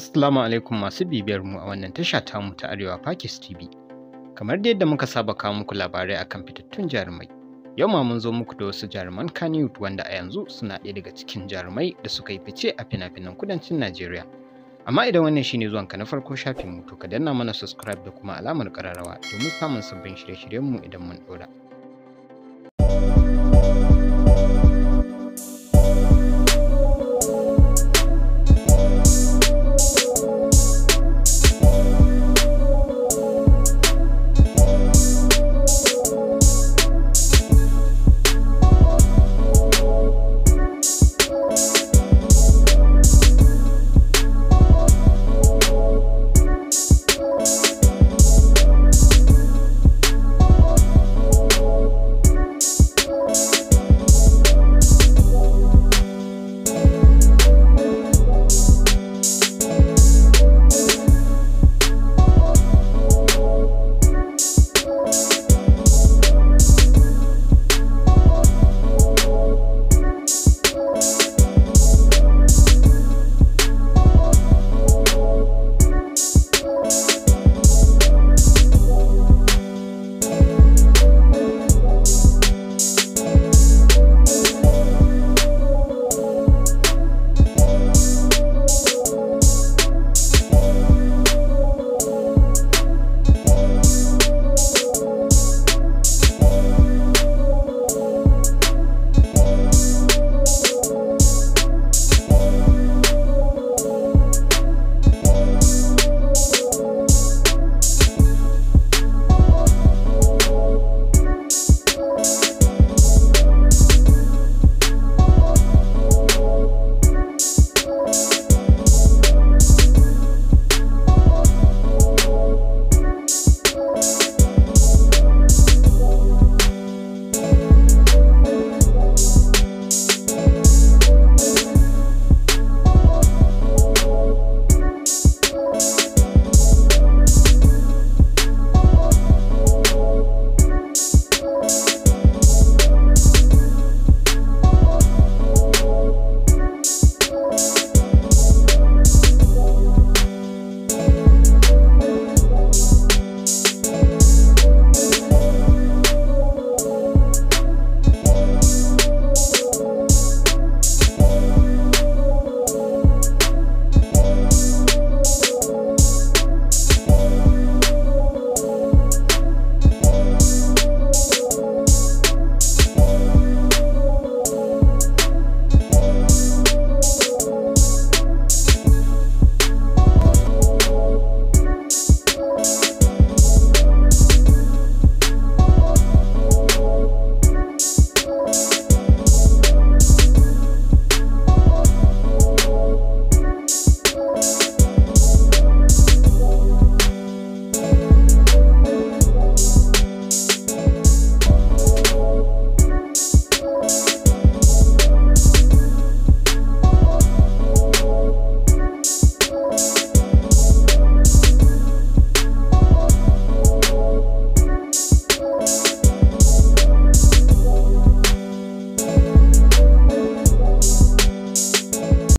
Assalamu alaikum masu bibiyar mu a wannan tasha tamu ta Arewa Pakis TV. Kamar da yadda muka saba kawo muku labarai akan fitattun jarumai. Yau ma mun zo muku da wasu jaruman Kannywood wanda a yanzu suna ɗaya daga cikin jarumai da suka yi fice a fina-finan kudancin Najeriya. Amma idan wannan shine zuwan ka na farko shafin mu to ka danna mana subscribe da kuma alamar kararrawa domin samun sabbin shirye-shiryen mu idan mun ɗora.